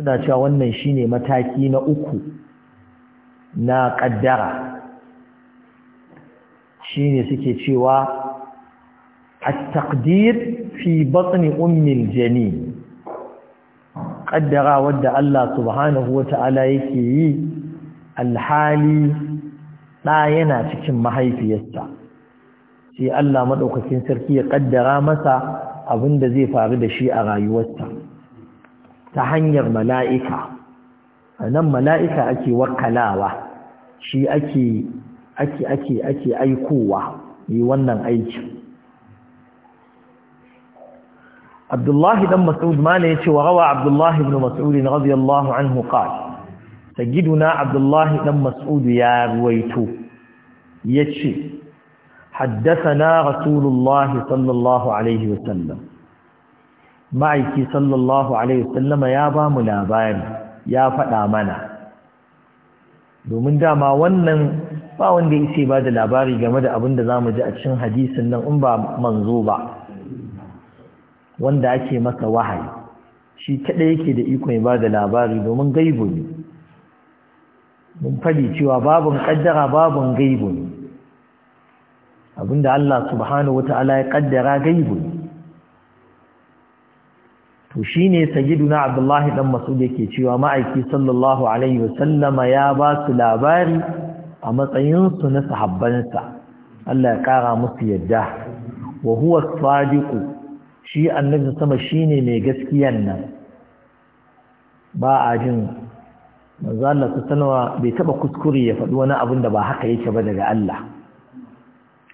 suna cewa wannan shine mataki na uku na ƙaddara shine suke cewa at-taqdir fi batni ummil janin ƙaddara wadda Allah subhanahu wa yake yi alhali ɗa yana cikin mahaifiyarsa sai Allah maɗaukakin sarki ya ƙaddara masa abin da zai faru da shi a rayuwarsa ta hanyar mala'ika a nan mala'ika ake wakalawa shi ake ake ake ake aikowa yi wannan aikin abdullahi dan mas'ud mala ya ce wa rawa abdullahi ibn mas'ud radiyallahu anhu ta giduna abdullahi dan mas'ud ya ruwaito ya ce رسول الله صلى الله عليه وسلم ma'aiki sallallahu alaihi wasallama ya ba mu labari ya faɗa mana domin dama wannan ba wanda ya ce ba da labari game da abin da za mu ji a cikin hadisin nan in ba manzo ba wanda ake masa wahayi shi kaɗai yake da ikon ba da labari domin gaibu ne mun faɗi cewa babin ƙaddara babin gaibu ne abinda Allah subhanahu wa ta'ala ya ƙaddara gaibu ne to shine na abdullahi dan mas'ud yake cewa ma'aiki sallallahu alaihi wasallama ya ba su labari a matsayin su na sahabbansa Allah ya kara musu yadda wa huwa sadiqu shi annabi sama shine mai gaskiyan nan ba a jin manzo Allah sallallahu bai taba kuskure ya faɗi wani abin da ba haka yake ba daga Allah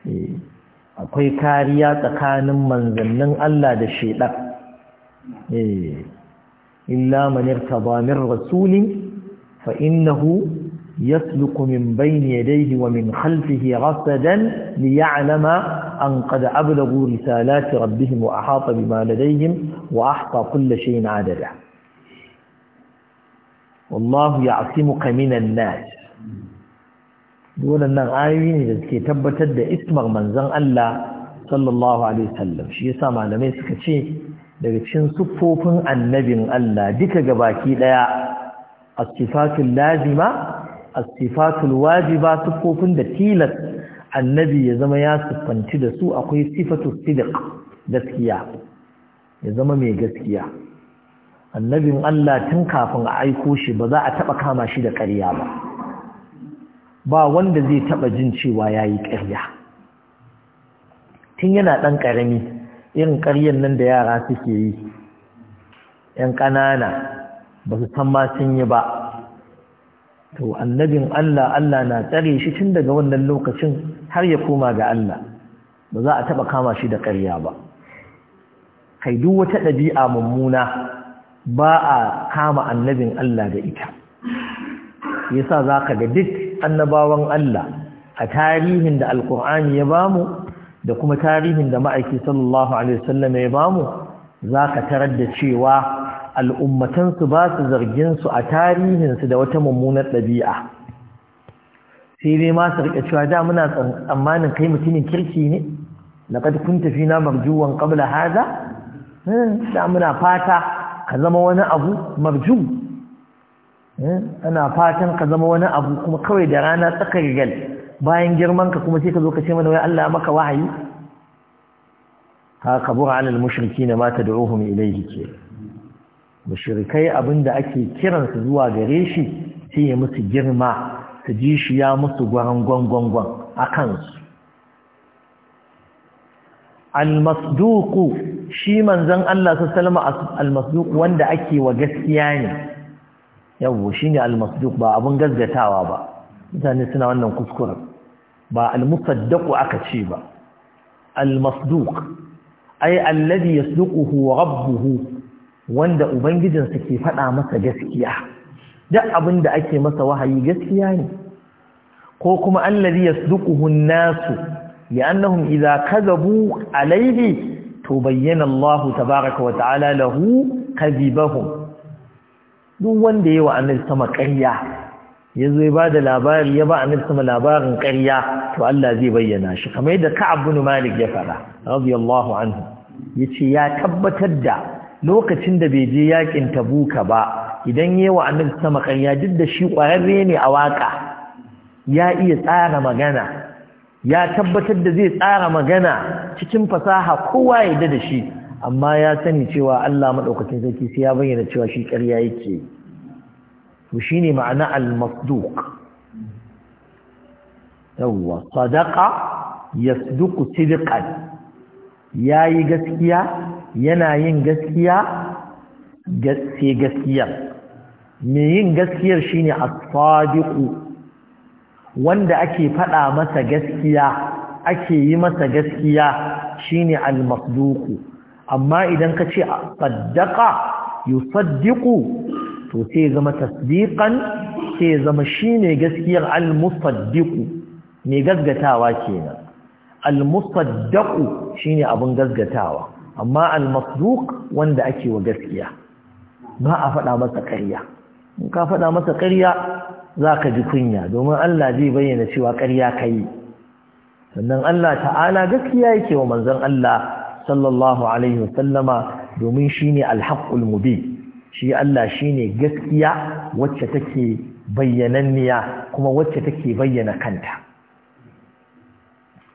eh, akwai kariya tsakanin manzannin Allah da shaidan illa man irtaba min rasulin fa innahu يسلك من بين يديه ومن خلفه رصدا ليعلم أن قد أبلغوا رسالات ربهم وأحاط بما لديهم وأحطى كل شيء عددا والله يعصمك من الناس دولنا آيين لكي تبتد اسم من زن الله صلى الله عليه وسلم شيء سامع لما يسكت شيء daga cikin siffofin annabin Allah duka gabaki daya as-sifatul lazima as-sifatul wajiba siffofin da tilas annabi ya zama ya siffanci da su akwai sifatu sidiq gaskiya ya zama mai gaskiya annabin Allah tun kafin a aiko shi ba za a taba kama shi da ƙarya ba ba wanda zai taba jin cewa yayi ƙarya tun yana dan ƙarami irin ƙaryen nan da yara suke yi ‘yan ƙanana ba su san ma sun yi ba to annabin Allah Allah na tsare shi tun daga wannan lokacin har ya koma ga Allah ba za a taɓa kama shi da ƙarya ba kai duk wata ɗabi'a mummuna ba a kama annabin Allah da ita yasa za ka ga duk annabawan Allah a tarihin da alkur'ani ya bamu da kuma tarihin da ma'aiki sallallahu alaihi wasallam ya bamu ka tarar da cewa al'ummatan su ba su zargin su a tarihinsu da wata mummunar ɗabi'a sai dai ma su rika cewa da muna tsammanin kai mutumin kirki ne laqad tafi na marjuwan qabla hada hmm, da muna fata ka zama wani abu marju hmm, ana fatan ka zama wani abu kuma kawai da rana tsakar gal bayan girman ka kuma sai ka zo ka ce mana wai Allah maka wahayi ka bura alal mushrikina ma tad'uhum ilayhi ke mushrikai abinda ake kiran su zuwa gare shi sai ya musu girma su ji shi ya musu gwaran gwangwangwan a kansu almasduku shi manzon Allah su salama almasduku wanda ake wa gaskiya ne yawwa shine almasduk ba abin gaggatawa ba mutane suna wannan kuskuren ba al-musaddaqu aka ce ba al-masduq ay alladhi yasduquhu rabbuhu wanda ubangijinsa ke faɗa masa gaskiya duk abinda ake masa wahayi gaskiya ne ko kuma alladhi yasduquhu an-nasu li'annahum idza kadhabu alayhi to bayyana Allah tabaaraka wa ta'ala lahu kadhibahum duk wanda yayi wa annabi sama ƙarya ya zo ya ba da labari ya ba annabi sama labarin ƙarya to Allah zai bayyana shi kamar yadda Ka'ab bin Malik ya fara radiyallahu anhu yace ya tabbatar da lokacin da bai je yakin Tabuka ba idan yayi wa annabi sama ƙarya duk da shi ƙwararre ne a waka ya iya tsara magana ya tabbatar da zai tsara magana cikin fasaha kowa ya da shi amma ya sani cewa Allah madaukakin sarki sai ya bayyana cewa shi ƙarya yake yi to shine ma'ana al-masduq yawwa sadaqa yasduqu sidqan yayi gaskiya yana yin gaskiya sai gaskiyar me yin gaskiyar shine as-sadiqu wanda ake faɗa masa gaskiya ake yi masa gaskiya shine al amma idan ka ce saddaqa yusaddiqu to sai zama tasdiqan sai zama shine gaskiyar al-musaddiqu mai gaskatawa kenan al-musaddaqu shine abun gaskatawa amma al-masduq wanda ake wa gaskiya ba a faɗa masa ƙarya in ka faɗa masa ƙarya zaka ji kunya domin Allah zai bayyana cewa ƙarya kai sannan Allah ta'ala gaskiya yake wa manzon Allah sallallahu alaihi wasallama domin shine al-haqqul mubin shi Allah shi ne gaskiya wacce take bayyananniya kuma wacce take bayyana kanta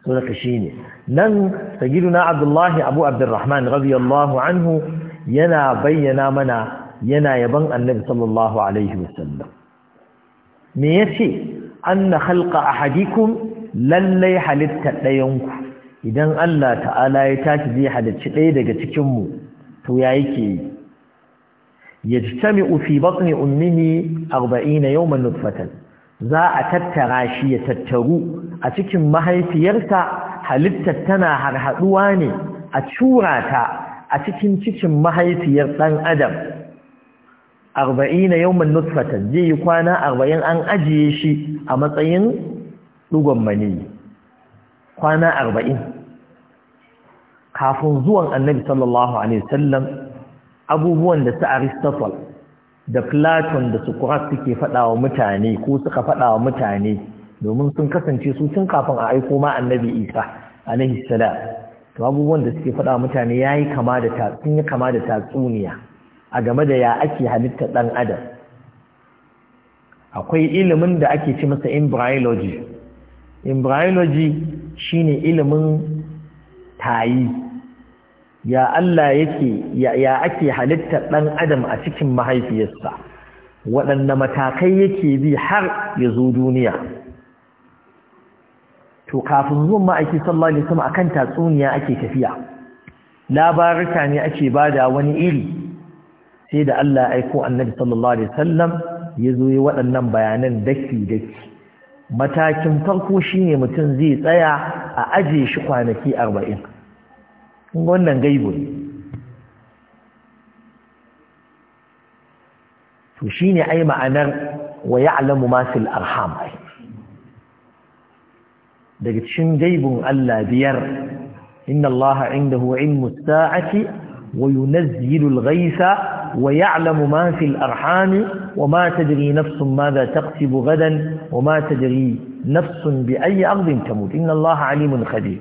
to daga ne. nan sayyiduna Abdullahi Abu Abdurrahman radiyallahu anhu yana bayyana mana yana yaban Annabi sallallahu alaihi wasallam me yace anna khalqa ahadikum lallai halitta ɗayanku idan Allah ta'ala ya tashi zai halicci ɗaya daga cikinmu to ya yake yajtami'u fi batni ummihi 40 yawman nutfatan za a tattara shi ya tattaru a cikin mahaifiyarsa halittar tana harhaduwa ne a cura ta a cikin cikin mahaifiyar dan adam 40 yawman nutfatan zai yi kwana 40 an ajiye shi a matsayin dugon kwana kafin zuwan annabi sallallahu alaihi abubuwan da su aristotle da platon da Socrates suke faɗawa mutane ko suka faɗawa mutane domin sun kasance su tun kafin a aiko ma annabi isa alaihi salam to abubuwan da suke fadawa mutane yayi kama da sun yi kama da tatsuniya a game da ya ake halitta dan adam akwai ilimin da ake ci masa embryology embryology shine ilimin tayi ya Allah yake ya ake halittar ɗan adam a cikin mahaifiyarsa waɗanne matakai yake bi har ya zo duniya to kafin zuwan ma'aiki sallallahu alaihi wasallam akan tatsuniya ake tafiya labarika ne ake bada wani iri sai da Allah ya aiko annabi sallallahu alaihi wasallam ya zo yi waɗannan bayanan daki daki matakin farko shine mutum zai tsaya a aje shi kwanaki arba'in kun wannan gaibu ne to shine ai ma'anar wa ya'lamu ma fil arham daga cikin gaibun Allah biyar inna Allah indahu ilmu sa'ati wa yunzilu al-ghaytha wa ya'lamu ma fil arham wa ma tadri nafsun madha taqtibu gadan wa ma tadri nafsun bi ayyi ardin tamut inna Allah alimun khabir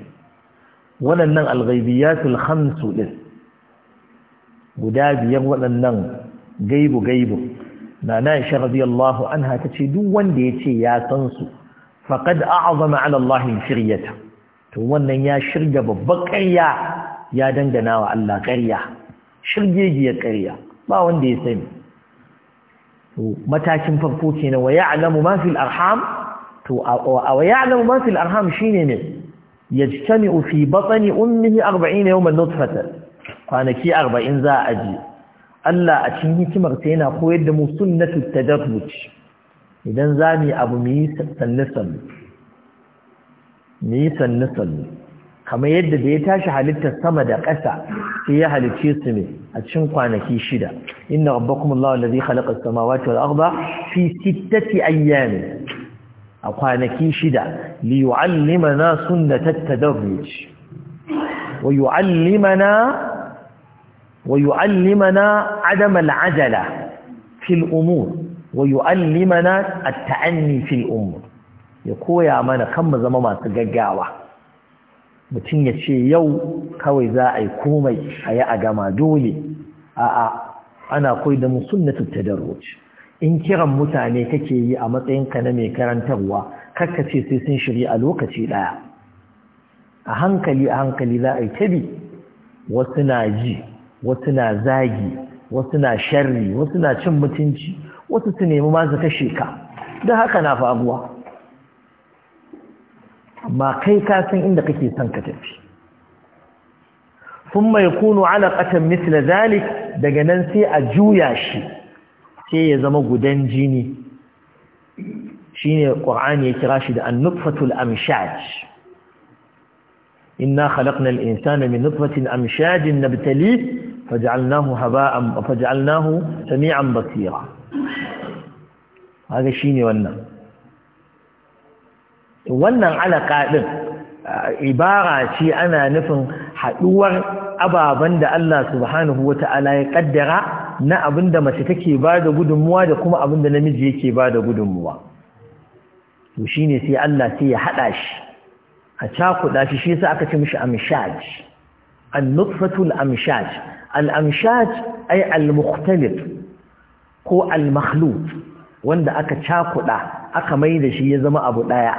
waɗannan alghaibiyatul khamsu din guda biyar waɗannan gaibu gaibu na na isha radiyallahu anha tace duk wanda ya ce ya san su faqad a'zama 'ala Allah shiryata to wannan ya shirga babbar ƙarya ya dangana wa Allah ƙarya shirgegiyar ƙarya ba wanda ya sani to matakin farko kenan wa ya'lamu ma fil arham to a wa ya'lamu ma fil arham shine ne yajtami'u fi batni ummihi 40 yawman nutfatan kwanaki 40 za a ji Allah a cikin hikimarsa yana koyar da mu sunnatut tadarruj idan zamu abu mu yi sannisan mu yi kamar yadda da ya tashi halittar sama da ƙasa sai ya halicce su ne a cikin kwanaki shida inna rabbakumullahu allazi khalaqa as-samawati wal arda fi sittati ayyamin a kwanaki shida li yu'allimana sunnatat tadarruj wa yu'allimana umur, عدم العجلة في الأمور fil umur, ya koya mana kan mu zama masu gaggawa. mutum ya ce yau kawai za a yi komai a yi a gama dole a'a ana koyi da musulnatul tadarruj in kiran mutane kake yi a matsayinka na mai karantarwa kakka ce sai sun shirya a lokaci ɗaya a hankali a hankali za a yi tabi wasu na ji wasu na zagi wasu na sharri wasu na cin mutunci wasu su nemi ma su sheka don haka na faruwa amma kai ka san inda kake son ka tafi sun mai kunu alaƙatan misla zalik daga nan sai a juya shi sai ya zama gudan jini shine qur'ani ya kira shi da an-nutfatul amshaj inna khalaqnal insana min nutfatin amshajin nabtali faj'alnahu haba'an faj'alnahu sami'an basira haka shine wannan wannan alaka din ibara ce ana nufin haduwar ababen da Allah subhanahu wata'ala ya kaddara na abin da mace take ba da gudunmuwa da kuma abin da namiji yake ba da gudunmuwa to shi ne sai Allah sai ya haɗa shi a cakuɗa shi shi sa aka ce mishi amshaj annutfatul amshaj al-amshaj ay al-mukhtalif ko al-makhlut wanda aka cakuɗa aka mai da shi ya zama abu ɗaya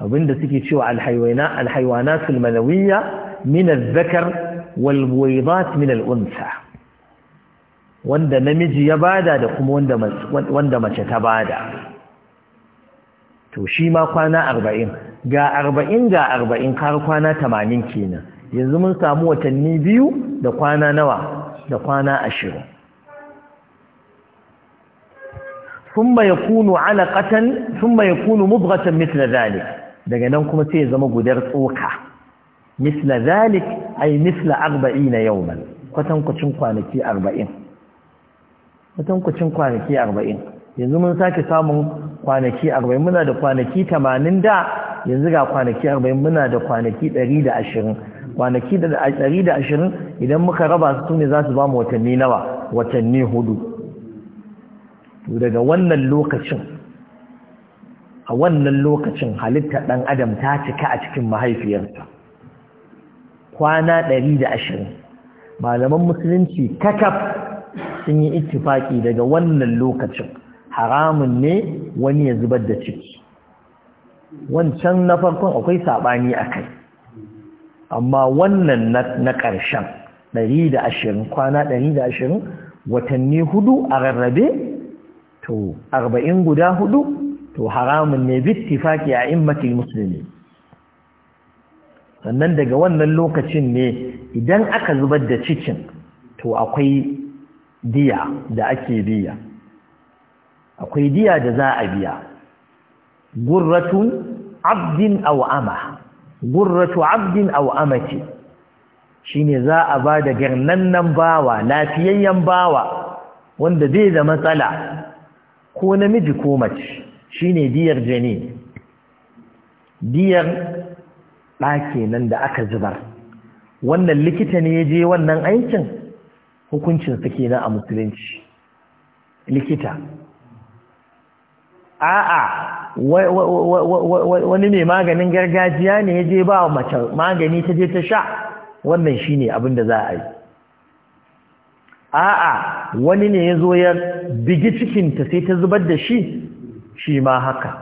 abinda suke cewa alhaiwana alhaiwanatul manawiyya min al-zakar wal buwaidat min al wanda namiji ya bada da kuma wanda mace ta bada to shi ma kwana arba'in ga arba'in ga arba'in har kwana tamanin kenan yanzu mun samu watanni biyu da kwana nawa da kwana ashirin Sun يكون علقة ثم يكون مضغة daga nan kuma sai ya zama gudar tsoka misla zalik ay misla yau man. kwatankwacin kwanaki arba'in. kucin kwanaki arba'in yanzu mun sake samun kwanaki arba'in muna da kwanaki tamanin da yanzu ga kwanaki arba'in muna da kwanaki ɗari da ashirin kwanaki ɗari da ashirin idan muka raba su su ne za su ba mu watanni nawa watanni hudu daga wannan lokacin a wannan lokacin halittar ɗan adam ta cika a cikin mahaifiyarta kwana ɗari da ashirin malaman musulunci kakaf sun yi ittifaki daga wannan lokacin haramun ne wani ya zubar da ciki wancan na farkon akwai saɓani a kai amma wannan na ƙarshen 120 kwana 120 watanni hudu a rarrabe to 40 guda hudu to haramun ne bittifaki a immatul musulmi sannan daga wannan lokacin ne idan aka zubar da cikin to akwai diya da ake biya akwai diya da za a biya gurratu abdin aw ama gurratu abdin aw amati shine za a ba da garnannan bawa lafiyayyen bawa wanda zai da matsala ko namiji ko mace shine diyar jani diyar ɗa kenan da aka zubar wannan likita ne ya je wannan aikin hukuncin sa kenan a musulunci likita a'a wani mai maganin gargajiya ne ya je ba mace magani ta je ta sha wannan shine abin da za a yi a'a wani ne ya zo ya bigi cikinta sai ta zubar da shi shi ma haka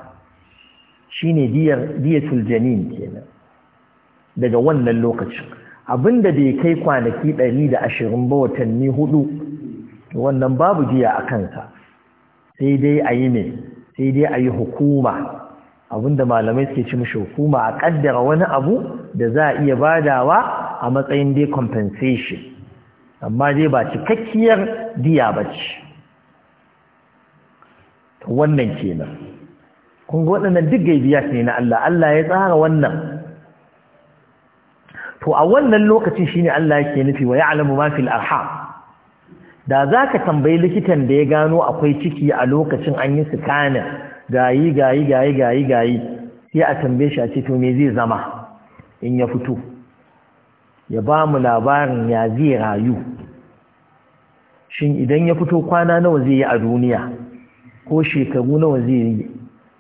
shine diyar diyatul janin kenan daga wannan lokacin abin da bai kai kwanaki ɗari da ashirin ba watanni hudu wannan babu jiya a kansa sai dai a yi ne sai dai a yi hukuma Abin da malamai suke ci mashi hukuma a kaddara wani abu da za a iya badawa a matsayin dai compensation amma dai ba cikakkiyar diya ba ce wannan kenan kun ga waɗannan duk gaibiya ne na Allah Allah ya tsara wannan to a wannan lokacin shine Allah yake nufi wa ya'lamu ma fil arham da zaka tambayi likitan da ya gano akwai ciki a lokacin an yi scanning gayi gayi gayi gayi gayi sai a tambaye shi a ce to me zai zama in ya fito ya ba mu labarin ya zai rayu shin idan ya fito kwana nawa zai yi a duniya ko shekaru nawa zai yi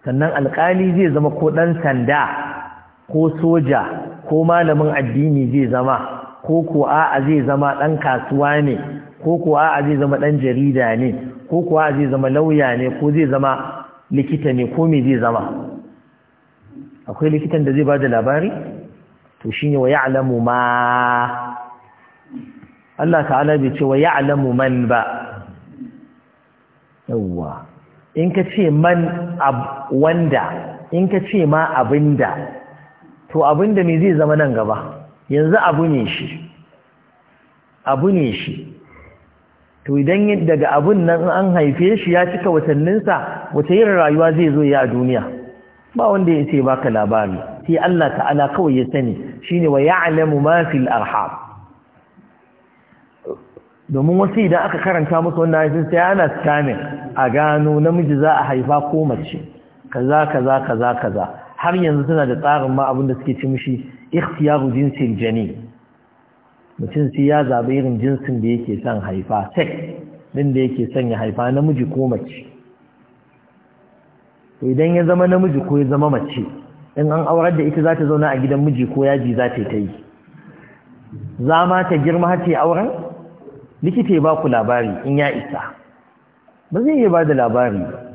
sannan alƙali zai zama ko ɗan sanda ko soja ko malamin addini zai zama ko ko a'a zai zama ɗan kasuwa ne ko ko a'a zai zama ɗan jarida ne ko ko a'a zai zama lauya ne ko zai zama likita ne ko me zai zama akwai likitan da zai ba da labari to shine wa ya'lamu ma Allah ta'ala bai ce wa ya'lamu man ba yawwa in ka ce man wanda in ka ce ma abinda to da me zai zama nan gaba yanzu abu ne shi abu ne shi to idan daga abun nan an haife shi ya cika watanninsa wata yin rayuwa zai zo ya a duniya ba wanda ya ce baka labari sai Allah ta'ala kawai ya sani shine wa ya'lamu ma fil arham domin wasu idan aka karanta musu wannan ayatin sai ana scanning a gano namiji za a haifa ko mace kaza kaza kaza kaza har yanzu suna da tsarin ma abinda suke ci mishi ikhtiyaru jinsil jani mutum sai ya zabi irin jinsin da yake son haifa sex din da yake son ya haifa namiji ko mace to idan ya zama namiji ko ya zama mace in an aurar da ita za ta zauna a gidan miji ko yaji za ta yi za ma ta girma har ta auren likita ya ba ku labari in ya isa ba zai iya ba da labari ba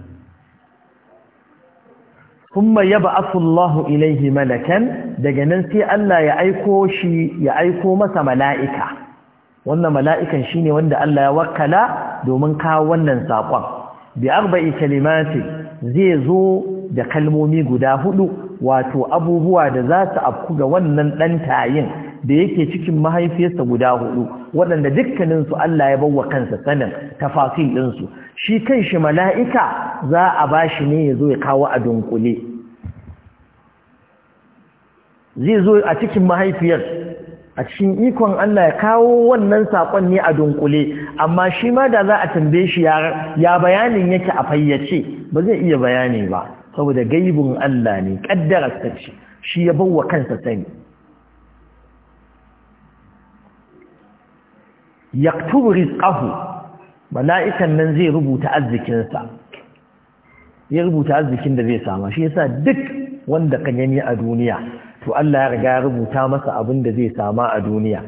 kuma ya ba'afu Allahu ilaihi malakan daga nan sai Allah ya aiko shi ya aiko masa mala'ika wannan mala'ikan shine wanda Allah ya wakkala domin kawo wannan saƙon bi arba'i kalimati zai zo da kalmomi guda hudu wato abubuwa da za su afku ga wannan ɗan tayin da yake cikin mahaifiyarsa guda hudu waɗanda dukkaninsu Allah ya bawa kansa sanin tafasil ɗinsu shi kan shi mala'ika za a ba shi ne ya zo ya kawo a dunkule zai zo a cikin mahaifiyar a cikin ikon Allah ya kawo wannan saƙon ne a dunkule amma shi ma da za a tambaye shi ya bayanin yake a fayyace ba zai iya bayani ba saboda gaibin Allah ne ƙaddara ce shi ya bawa kansa sani yaktubu rizqahu mala'ikan nan zai rubuta arzikinsa ya rubuta arzikin da zai sama shi yasa duk wanda kan yani a duniya to Allah ya riga ya rubuta masa abin da zai sama a duniya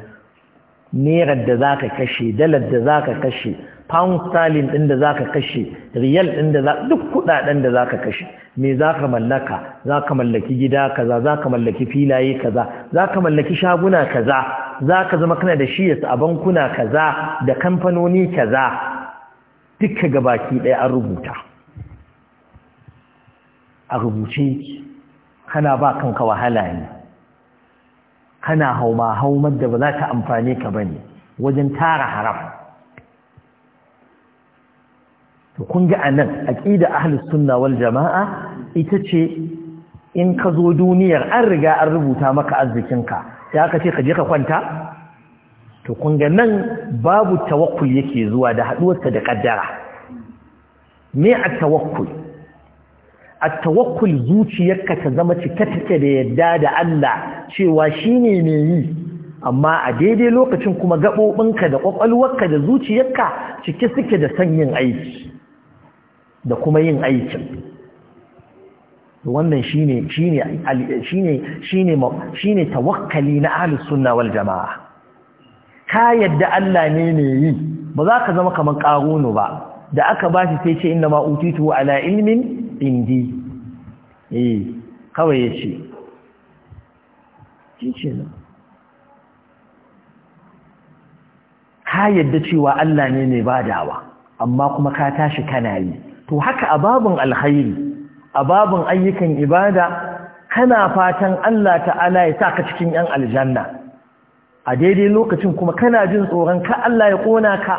nerar da za ka kashe dalar da za ka kashe pound sterling ɗin da za ka kashe riyal ɗin da za duk kuɗaɗen da za ka kashe me za ka mallaka za ka mallaki gida kaza za ka mallaki filaye kaza za ka mallaki shaguna kaza za ka zama kana da shi a bankuna kaza da kamfanoni kaza duka gabaki ɗaya an rubuta a rubuce kana ba kanka wahala ne kana hauma haumar da ba za ta amfani ka ba ne wajen tara haram kun a anan a ahlus sunna wal jamaa ita ce in ka zo duniyar an riga an rubuta maka arzikinka ya aka ce ka je ka kwanta to kun nan babu tawakkul yake zuwa da haduwarsa da kaddara me a tawakkul A tawakkul zuciyarka ta zama cike cike da yadda da Allah cewa ne mai yi amma a daidai lokacin kuma gaɓoɓinka da ƙwaƙwalwarka da zuciyarka cike suke da son yin aiki da kuma yin aikin wannan shine ne tawakkali na ahlus sunna wal jamaa ka yadda Allah ne mai yi ba za ka zama kamar ƙarunu ba da aka bashi sai ce inna ma ala ilmin ɗindi eh kawai ya ce na. ka yadda cewa Allah ne mai badawa amma kuma ka tashi kana yi to haka a babun alkhairi a babun ayyukan ibada kana fatan Allah ta'ala ya saka cikin yan aljanna a daidai lokacin kuma kana jin tsoron ka Allah ya kona ka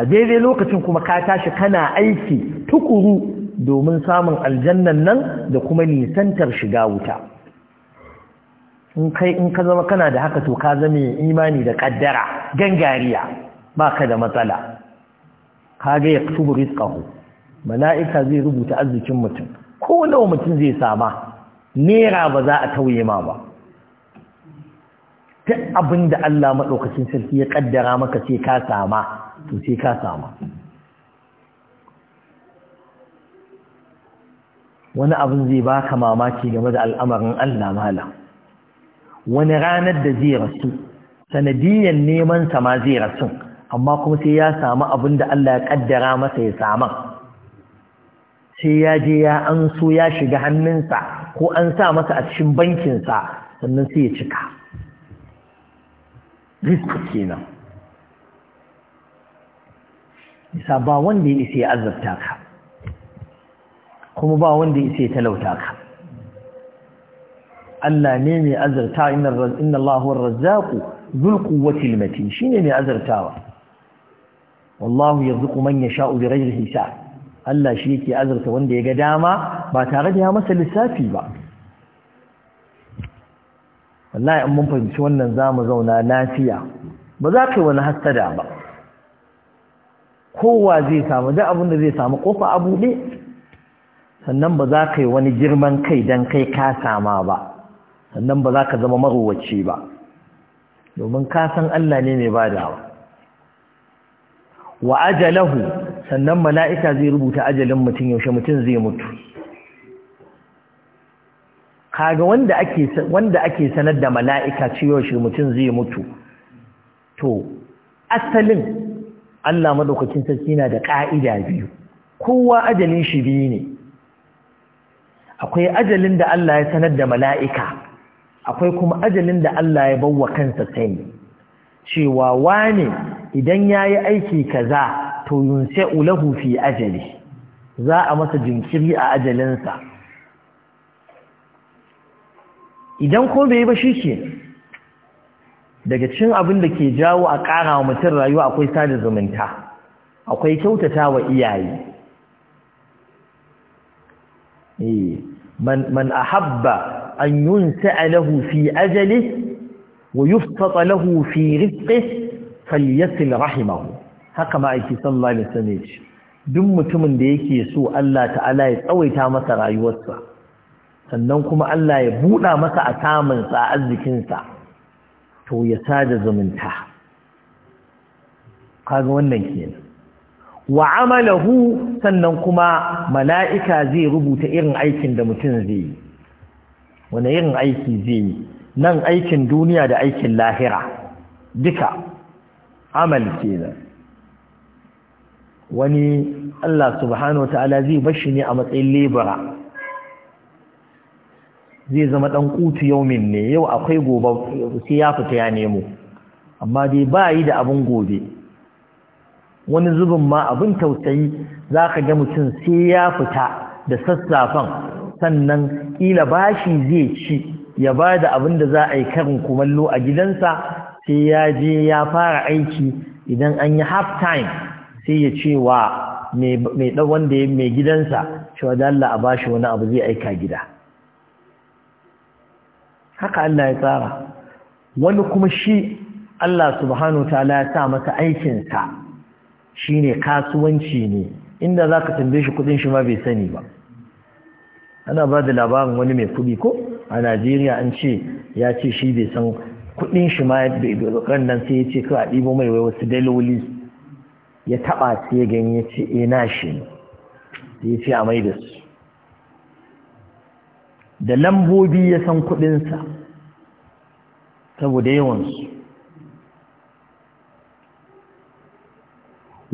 a daidai lokacin kuma ka tashi kana aiki tukuru domin samun aljannan nan da kuma nisantar shiga wuta in kai in ka zama kana da haka to ka zama imani da kaddara gangariya ba ka da matsala kaga ya kutubu rizqahu mala'ika zai rubuta arzikin mutum ko nawa mutum zai sama nera ba za a tauye ma ba Ta abin da Allah maɗaukacin sarki ya kaddara maka sai ka sama to sai ka sama wani abin zai baka mamaki game da al'amarin Allah mala wani ranar da zai rasu sanadiyyar neman sa ma zai rasu amma kuma sai ya samu abin da Allah ya ƙaddara masa ya samu sai ya je ya an so ya shiga hannunsa ko an sa masa a cikin bankinsa sannan sai ya cika kenan isa ba wanda ya isa ya azabta ka kuma ba wanda ya talauta ka Allah ne mai azurta inna Allahun razzaku zulku watil mati shi ne mai azurtawa wallahu ya zuku manya sha'u da hisa Allah shi yake azurta wanda ya ga dama ba tare da ya masa lissafi ba wallahi an mun fahimci wannan za mu zauna lafiya ba za ka yi wani hastada ba kowa zai samu da abin da zai samu kofa a buɗe sannan ba za ka yi wani girman kai don kai ka sama ba sannan ba za ka zama maruwaci ba domin ka san Allah ne mai badawa wa ajalahu sannan mala'ika zai rubuta ajalin mutum yaushe mutum zai mutu kaga wanda ake sanar da mala'ika cewa shi mutum zai mutu to asalin Allah madaukakin sarki na da ƙa'ida biyu kowa ajalin shi biyu ne akwai ajalin da Allah ya sanar da mala'ika akwai kuma ajalin da Allah ya bawa kansa sani cewa wane idan ya yi aiki kaza to yunse ulahu fi ajali za a masa jinkiri a ajalinsa idan ko bai ba shi ke daga cikin abin da ke jawo a ƙara wa mutum rayuwa akwai sada zumunta akwai kyautata wa iyaye man man ahabba an yunsa lahu fi ajali wa yuftata lahu fi rizqi falyasil rahimahu haka ma aiki sallallahu alaihi duk mutumin da yake so Allah ta'ala ya tsawaita masa rayuwarsa sannan kuma Allah ya buɗa masa a samunsa a arzikinsa to ya sada zumunta kaga wannan kenan wa amalahu sannan kuma mala'ika zai rubuta irin aikin da mutum zai yi wani irin aiki zai yi nan aikin duniya da aikin lahira duka amal ke kenan wani Allah subhanahu wa ta'ala zai bashi ne a matsayin lebura zai zama ɗan kutu yaumin ne yau akwai gobe sai ya fita ya nemo amma dai ba yi da abin gobe wani zubin ma abin tausayi za ka ga mutum sai ya fita da sassafen sannan ƙila bashi zai ci ya ba da abin da za a yi karin kumallo a gidansa sai ya je ya fara aiki idan an yi half time sai ya ce wa mai ɗan wanda ya mai gidansa cewa da Allah a bashi wani abu zai aika gida haka Allah ya tsara wani kuma shi Allah subhanahu wa ta'ala ya sa masa aikinsa shine kasuwanci ne inda za ka tambaye shi kudin shi ma bai sani ba ana ba da labarin wani mai kudi ko a najeriya an ce ya ce shi bai san kudin shi ma bai kan nan sai ya ce kawai a ɗibo mai wai wasu daloli ya taɓa sai ya gani ya ce e na shi ne sai ya ce a mai da su da lambobi ya san sa saboda yawansu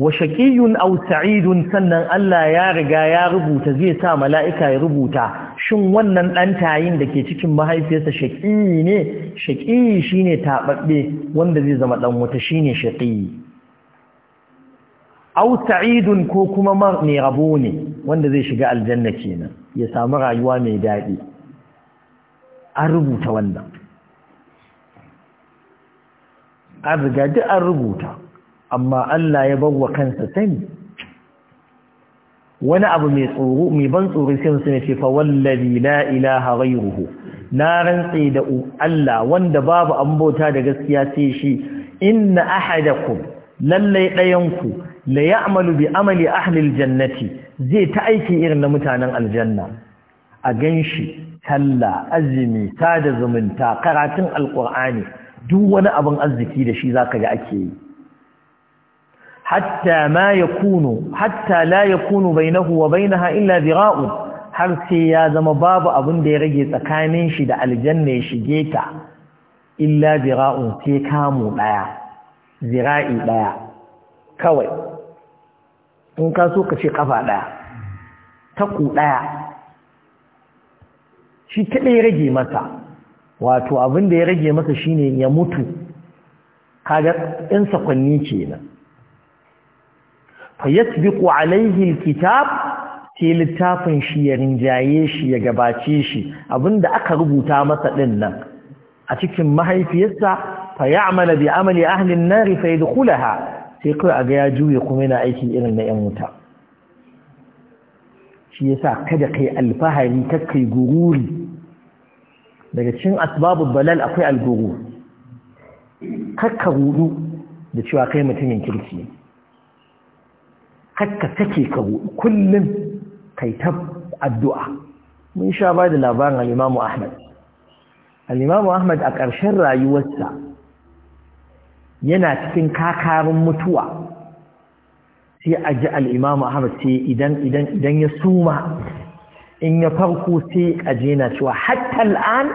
wa shaƙiyun aw sa'idun sannan Allah ya riga ya rubuta zai sa mala'ika ya rubuta shin wannan ɗan tayin da ke cikin mahaifiyarsa shaƙiyi ne shaƙiyi shine taɓaɓɓe wanda zai zama ɗan wuta shine shaƙiyi aw sa'idun ko kuma mai rabo ne wanda zai shiga aljanna kenan ya samu rayuwa mai daɗi an rubuta wannan a riga an rubuta amma Allah ya bar wa kansa sani wani abu mai tsoro mai ban tsoro sai mutum ya ce fa wallazi la ilaha ghayruhu na rantse da Allah wanda babu ambota bauta da gaskiya sai shi inna ahadakum lallai ɗayanku la ya'malu bi amali ahli aljannati zai ta aiki irin na mutanen aljanna a ganshi talla azumi sada zumunta karatun alqur'ani duk wani abin arziki da shi zaka ga ake yi hatta ma kunu hatta la yakunu bainahu wa bainaha illa zira'un har sai ya zama babu abin da ya rage tsakanin shi da aljanna ya shige ta illa zira'un sai kamu ɗaya zira'i ɗaya kawai in ka so ka ce kafa ɗaya taku ɗaya shi ya rage masa wato abin da ya rage masa shine ya mutu kaga in sakwanni kenan fa alaihi kitab sai littafin shi ya rinjaye shi ya gabace shi abinda aka rubuta masa din nan a cikin mahaifiyarsa fa ya'mala bi amali ahli an-nar fa yadkhulaha sai kai aga ya juye kuma yana aiki irin na 'yan wuta shi yasa kada kai alfahari kai gururi daga cikin asbabul balal akwai al-gurur kakka rudu da cewa kai mutumin kirki ne kakka take ka kullum kai ta addu'a mun sha ba da labarin al'imamu ahmad al'imamu ahmad a ƙarshen rayuwarsa yana cikin kakarin mutuwa sai a ji al'imamu ahmad sai idan idan idan ya suma in ya farko sai a je na cewa hatta al'an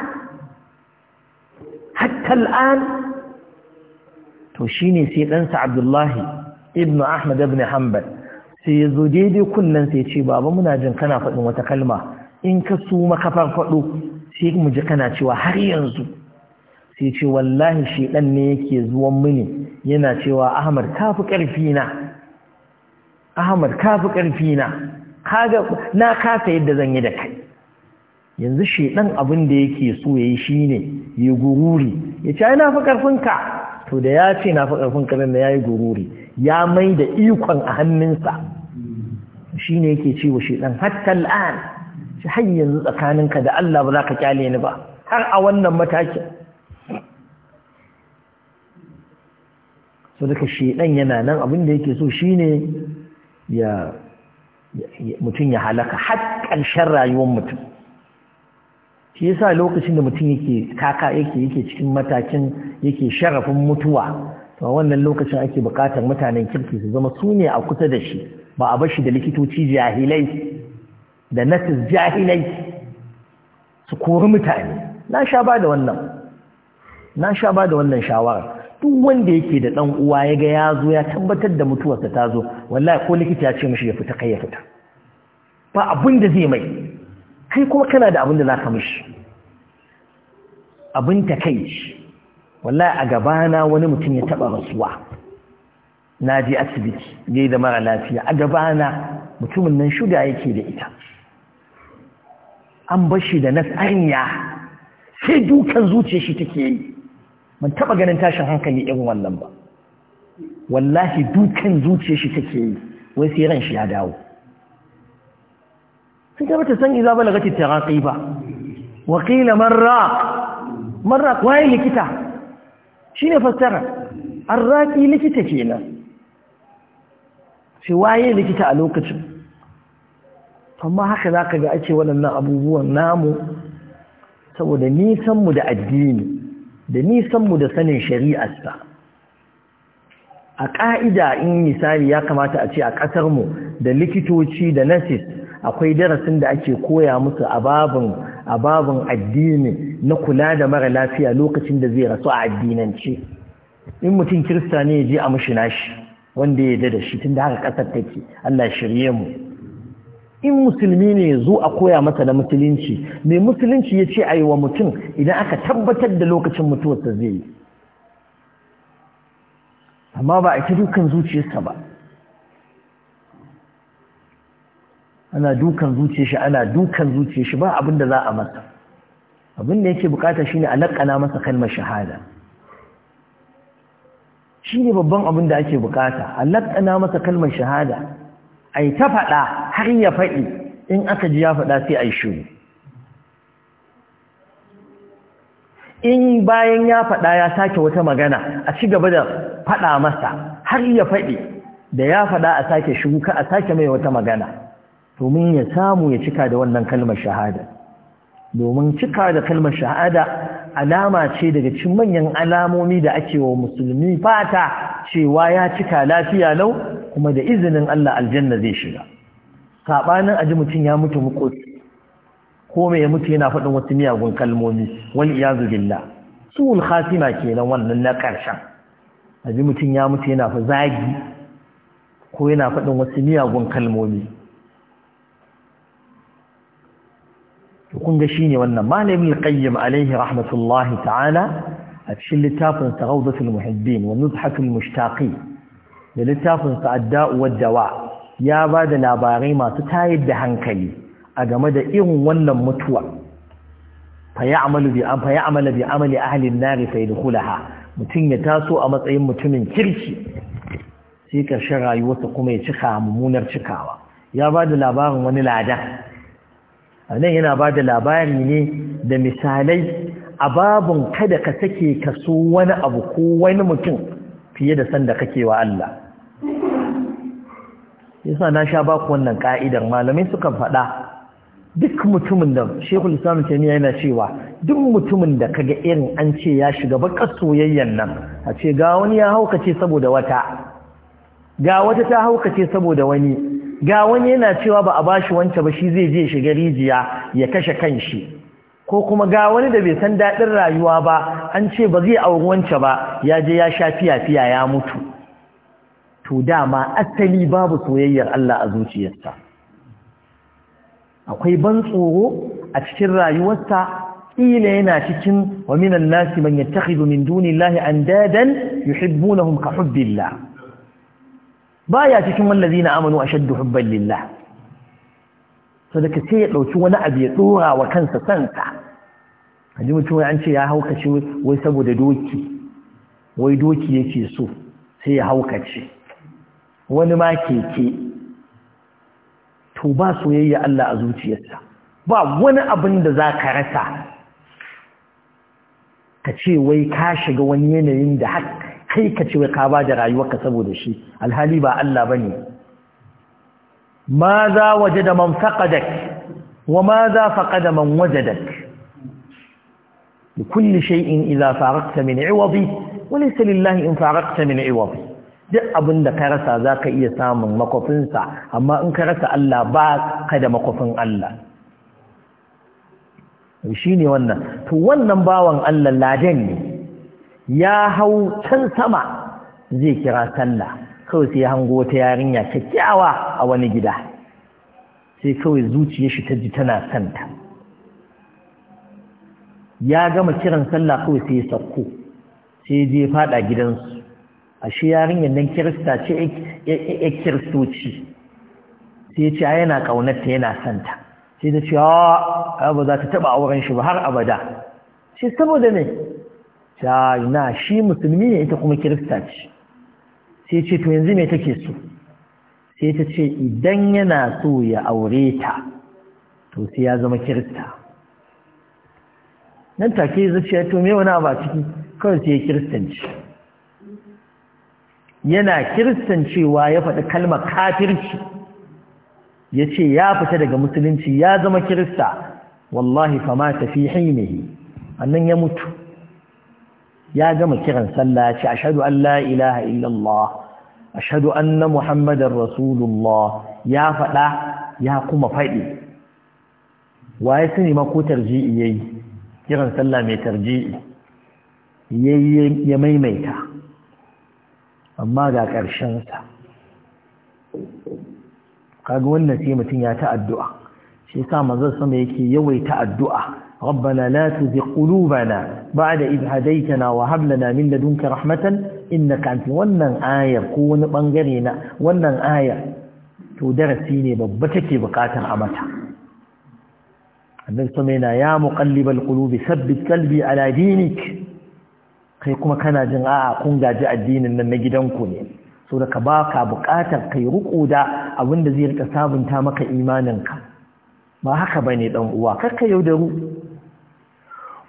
hatta al'an to shine sai ɗansa abdullahi ibnu ahmad ibn hanbal sai ya zo daidai kunnen sai ce baba muna jin kana faɗin wata kalma in ka su makafar faɗo sai mu ji kana cewa har yanzu sai ce wallahi shi ɗan ne yake zuwan mini yana cewa ahmad ka fi ƙarfi na ahmad ka fi na kaga na kasa yadda zan yi da kai yanzu shi ɗan abin da yake so ya yi shi ne ya gururi ya ce ai na fi ƙarfinka to da ya ce na fi ƙarfinka zan da ya yi gururi ya mai da ikon a hannunsa shi ne yake ce wa shaidan hatta al'an shi har yanzu tsakaninka da Allah ba za ka kyale ni ba har a wannan matakin so daga shaidan yana nan abinda yake so shi ne mutum ya halaka har shan rayuwar mutum shi yasa lokacin da mutum yake kaka yake yake cikin matakin yake sharafin mutuwa to a wannan lokacin ake buƙatar mutanen kirki su zama su ne a kusa da shi ba a bashi da likitoci jahilai da nasis jahilai su kori mutane na sha ba da wannan na sha ba da wannan shawara duk wanda yake da ɗan uwa ya ga ya zo ya tabbatar da mutuwarsa ta zo wallahi ko likita ya ce mishi ya fita kai ya fita ba abin da zai mai kai kuma kana da abin da za ka mishi abin ta kai shi wallahi a gabana wani mutum ya taba rasuwa na je asibiti gai da mara lafiya a gabana mutumin nan shuga yake da ita an bashi da nasariya sai dukan zuciya shi take yi ban taba ganin tashin hankali irin wannan ba wallahi dukan zuciya shi take yi wai sai ran shi ya dawo sai ta bata san iza ta taraqi ba wakila qila man raq likita shi ne fassara an raƙi likita kenan sai waye likita a lokacin amma haka za ka ga ake waɗannan abubuwan namu saboda nisanmu da addini da nisanmu da sanin shari'a ta a ƙa'ida in misali ya kamata a ce a ƙasarmu da likitoci da nasis akwai darasin da ake koya musu a babin a babin addini na kula da mara lafiya lokacin da zai rasu a addinance in mutum kirista ne ya je a mashi nashi wanda ya yarda da shi tunda haka kasar take Allah shirye mu in musulmi ne zo a koya masa na musulunci mai musulunci ya ce a yi wa mutum idan aka tabbatar da lokacin mutuwarsa zai yi amma ba a ta dukan zuciyarsa ba ana dukan zuciya shi ana dukan zuciya shi ba abin da za a masa abin da yake bukata shine a lakana masa kalmar shahada shine babban abin da ake bukata a lakana masa kalmar shahada ai ta faɗa har ya faɗi in aka ji ya faɗa sai ai shiru in bayan ya faɗa ya sake wata magana a ci gaba da faɗa masa har ya faɗi da ya faɗa a sake shiru ka a sake mai wata magana domin ya samu ya cika da wannan kalmar shahada domin cika da kalmar shahada alama ce daga cikin manyan alamomi da ake wa musulmi fata cewa ya cika lafiya lau kuma da izinin Allah aljanna zai shiga sabanin aji mutum ya mutu mukoci ko mai ya mutu yana faɗin wasu miyagun kalmomi wal iyazu billah suul khatima kenan wannan na karshen aji mutum ya mutu yana fa zagi ko yana faɗin wasu miyagun kalmomi kun shine wannan malamin al-qayyim alaihi rahmatullahi ta'ala a cikin littafin sa rawdatul muhibbin wa nuzhatul mushtaqi da littafin sa adda'u wad dawa ya ba da labarai masu tayar da hankali a game da irin wannan mutuwa fa ya'malu bi an fa ya'malu bi amali ahli an-nar fa yadkhulaha mutum ya taso a matsayin mutumin kirki sai karshen rayuwarsa kuma ya cika mummunar cikawa ya ba da labarin wani ladan a nan yana ba da labari ne da misalai a babun kada ka sake kaso wani abu ko wani mutum fiye da sanda kake wa Allah yasa na sha ba ku wannan ka'idar malamai suka faɗa duk mutumin da shekul islamu taimiyya yana cewa duk mutumin da kaga irin an ce ya shiga bakar soyayyan nan a ce ga wani ya haukace saboda wata ga wata ta haukace saboda wani ga wani yana cewa ba a bashi wancan ba shi zai je shiga rijiya ya kashe kanshi ko kuma ga wani da bai san daɗin rayuwa ba an ce ba zai auri wancan ba ya je ya sha fiya-fiya ya mutu to dama asali babu soyayyar Allah a zuciyarsa akwai ban tsoro a cikin rayuwarsa kila yana cikin wa minan nasi man yattakhidhu min dunillahi andadan yuhibbunahum ka hubbillah baya cikin na amanu ashaddu hubban lillah sadaka ce ya dauki wani abu ya dora wa kansa a ji mutum an ce ya haukace wai saboda doki wai doki yake so sai ya haukace wani ma keke to ba soyayya Allah a zuciyarsa ba wani abin da za ka rasa ka ce wai ka shiga wani yanayin da haka kai ka ce wai ka ba da rayuwarka saboda shi alhali ba Allah ba ne. ma za wajada man faqadak wa ma za faqada man wajadak لكل شيء إذا فارقت من عوضي وليس لله إن فارقت من عوضي duk abin da ka rasa za ka iya samun makwafinsa amma in ka rasa Allah ba ka da makwafin Allah shi ne wannan to wannan bawan Allah ladan ne ya hau can sama zai kira sallah kawai sai ya hango wata yarinya kyakkyawa a wani gida sai kawai zuciya shi ta ji tana santa ya gama kiran sallah kawai sai ya sauko sai je fada gidansu ashe yarinyar nan kirista ce ya kiristoci sai ya ce yana ƙaunarta yana santa sai ta ce a ah, ba za ta taɓa auren shi ba har abada shi saboda ne ta na shi musulmi ne ita kuma kirista ce sai ce to yanzu me take so sai ta ce idan yana so ya aure ta to sai ya zama kirista nan take zuciya to me wani ba ciki kawai sai ya kiristanci yana kiristancewa ya faɗi kalmar kafirci ya ce ya fita daga musulunci ya zama kirista wallahi fama tafi hinihi annan ya mutu ya gama kiran sallah ya ce ashadu an la ilaha illallah ashhadu anna muhammadar rasulullah ya faɗa ya kuma faɗi waye sani ma ko tarji'i yayi kiran sallah mai tarji'i ya maimaita amma ga ƙarshensa sa kaga wannan sai mutum ya ta addu'a shi yasa manzon sama yake yawaita addu'a ربنا لا تزغ قلوبنا بعد إذ هديتنا وهب لنا من لدنك رحمة إنك أنت wannan ayar ko wani bangare na wannan ayar to darasi ne babba take bukatar a mata annabi sama yana ya muqallibal qulubi sabbit qalbi ala dinik kai kuma kana jin a'a kun gaji addinin nan na gidanku ne so da ka baka bukatar kai ruku da abinda zai rika sabunta maka imaninka ba haka bane dan uwa da yaudaru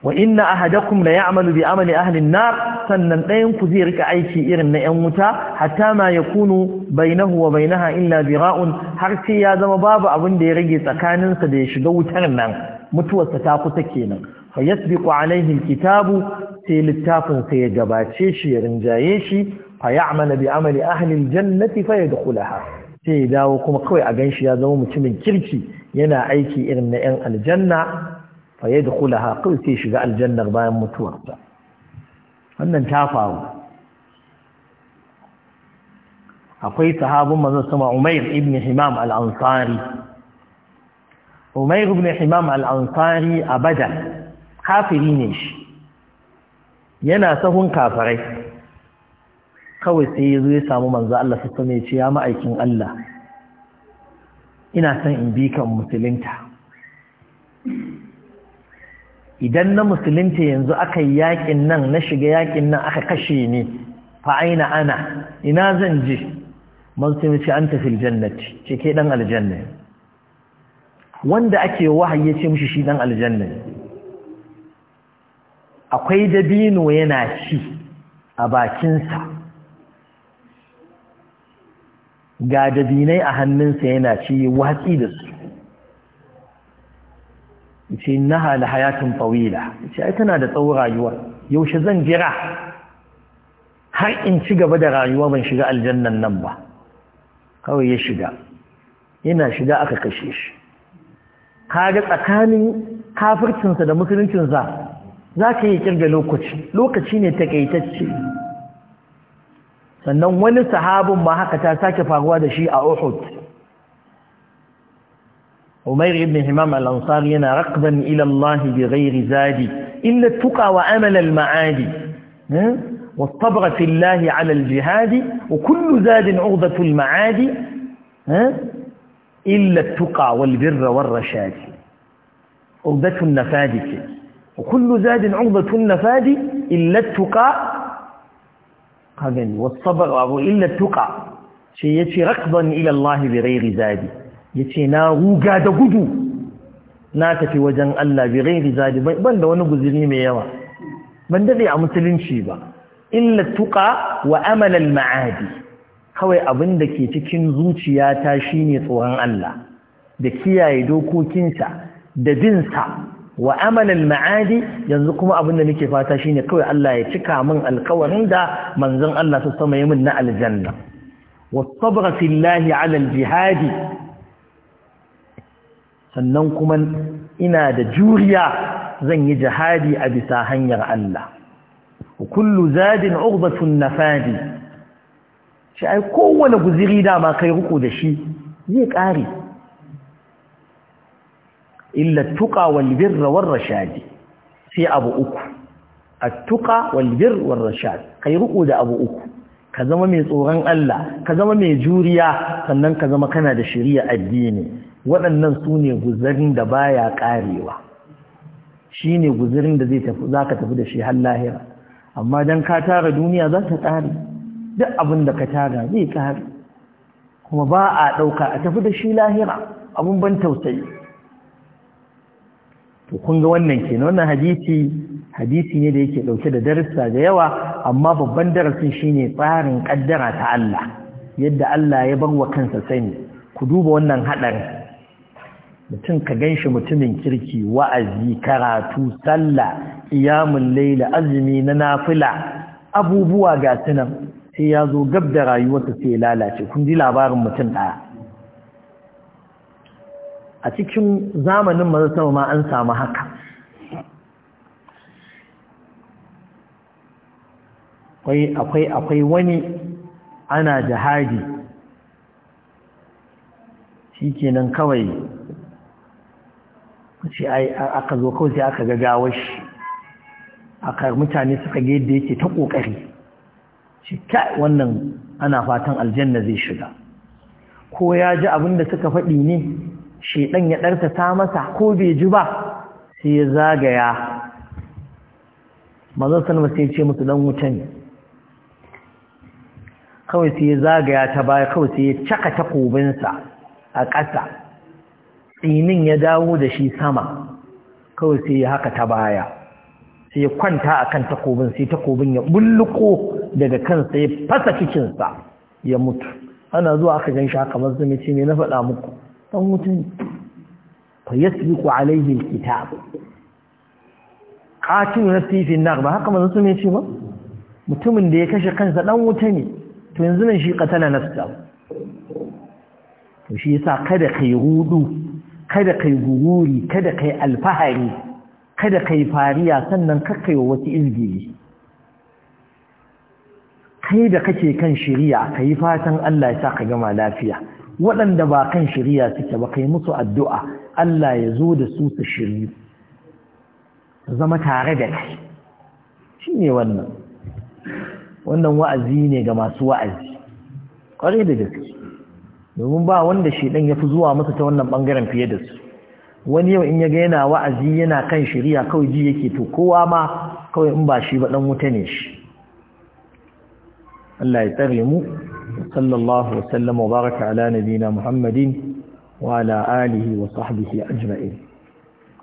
wa inna ahadakum la ya'malu bi amali ahli an-nar sannan dayan ku zai rika aiki irin na yan wuta hatta ma yakunu bainahu wa bainaha illa zira'un har sai ya zama babu abin da ya rage tsakaninsa da ya shiga wutar nan mutuwarsa ta kusa kenan fa yasbiqu alaihi al-kitabu sai littafin sai ya gabace shi ya rinjaye shi fa ya'malu bi amali ahli al-jannati fa yadkhulaha sai ya dawo kuma kawai a ganshi ya zama mutumin kirki yana aiki irin na yan aljanna fa yadkhulaha kawai sai shiga aljannar bayan mutuwarsa wannan ta faru akwai sahabin manzon sama Umair ibn Himam al-Ansari Umair ibn Himam al-Ansari abada, kafiri ne shi yana sahun kafarai. kawai sai ya zo ya samu manza Allah sai ya ce ya ma'aikin Allah ina son in bi kan musulunta idan na musulunta yanzu aka yi yaƙin nan na shiga yaƙin nan aka kashe ni fa aina ana ina zan je mazlum an tafi fil jannati ce ke dan aljanna wanda ake wahayi ya ce mishi shi dan aljanna akwai dabino yana ci a bakinsa ga dabinai a hannunsa yana ci watsi da su ce naha la hayatun tawila ce ai tana da tsawon rayuwa yaushe zan jira har in ci gaba da rayuwa ban shiga aljannan nan ba kawai ya shiga yana shiga aka kashe shi kaga tsakanin kafircinsa da musuluncinsa za ka yi kirga lokaci lokaci ne takaitacce sannan wani sahabin ma haka ta sake faruwa da shi a uhud عمير بن همام الأنصاري أنا رقبا إلى الله بغير زادي إلا التقى وأمل المعادي والصبر في الله على الجهاد وكل زاد عرضة المعادي إلا التقى والبر والرشاد عرضة النفاد وكل زاد عرضة النفاد إلا التقى والصبر إلا التقى شيء ركضا إلى الله بغير زادي ya ce na ruga da gudu na tafi wajen Allah bi ghairi zadi ban da wani guziri mai yawa ban dade a musulunci ba illa tuqa wa amal al ma'adi kawai abin da ke cikin zuciyata shine tsoron Allah da kiyaye dokokinsa da binsa wa amal al ma'adi yanzu kuma abin da nake fata shine kawai Allah ya cika min alƙawarin da manzon Allah sallallahu alaihi wasallam ya min na aljanna والصبر في الله على sannan kuma ina da juriya zan yi jihadi a bisa hanyar Allah kullu zadin ughbatun nafadi shi ai kowane guziri dama kai ruku da shi zai kare illa tuka wal birra war sai abu uku at-tuqa wal birr war kai ruku da abu uku ka zama mai tsoron Allah ka zama mai juriya sannan ka zama kana da shari'a addini waɗannan su ne guzarin da baya ƙarewa shi ne guzarin da za ka tafi da shi har lahira amma don ka tara duniya za ta ƙare duk abin da ka tara zai ƙare kuma ba a ɗauka a tafi da shi lahira abin ban tausayi to kun ga wannan ke wannan hadisi hadisi ne da yake ɗauke da darussa da yawa amma babban darasin shine tsarin ƙaddara ta Allah yadda Allah ya bar wa kansa sani ku duba wannan haɗarin mutum ka gan shi mutumin kirki wa'azi karatu sallah iyamun laila azumi na nafila abubuwa ga sinan. sai ya zo gab da rayuwarsa sai ya lalace kun ji labarin mutum ɗaya a cikin zamanin sama ma an samu haka akwai akwai wani ana jihadi shi kenan kawai sai ai aka zo kawai sai aka gagawar shi aka mutane suka ga yadda yake ta ƙoƙari, shi wannan ana fatan aljanna zai shiga ko ya ji abin da suka faɗi ne shedan ya ɗarta ta masa ko bai ji ba sai ya zagaya mazan sanarwa sai ce musu dan wuta ne kawai sai ya zagaya ta baya kawai sai ya caka takobinsa a ƙasa tsinin ya dawo da shi sama kawai sai ya haka ta baya sai ya kwanta a kan takobin sai takobin ya bulluko daga kansa ya fasa cikinsa ya mutu ana zuwa aka gan shi haka masu ce ne na faɗa muku ɗan mutum fa yasbiqu alayhi alkitab qatil nafsi fi an-nar ba haka mai ce ba mutumin da ya kashe kansa ɗan wuta ne to yanzu nan shi qatala nafsa to shi yasa kada ka yi hudu. kada kai gururi kada kai alfahari kada kai fariya sannan wa wasu izgiri kai da kake kan shiriya ka yi fatan Allah ya sa ka gama lafiya waɗanda ba kan shiriya suke ba kai musu addu'a Allah ya zo da su su shiryu zama tare da kai shi ne wannan wannan wa'azi ne ga masu wa'azi ƙwarai da gaske domin ba wanda shi ɗan ya fi zuwa masa ta wannan bangaren fiye da su wani yau in ya ga yana wa'azi yana kan shari'a kawai ji yake to kowa ma kawai in ba shi ba dan wuta ne shi Allah ya tsare mu sallallahu wa sallama wa baraka ala nabina muhammadin wa ala alihi wa sahbihi ajma'in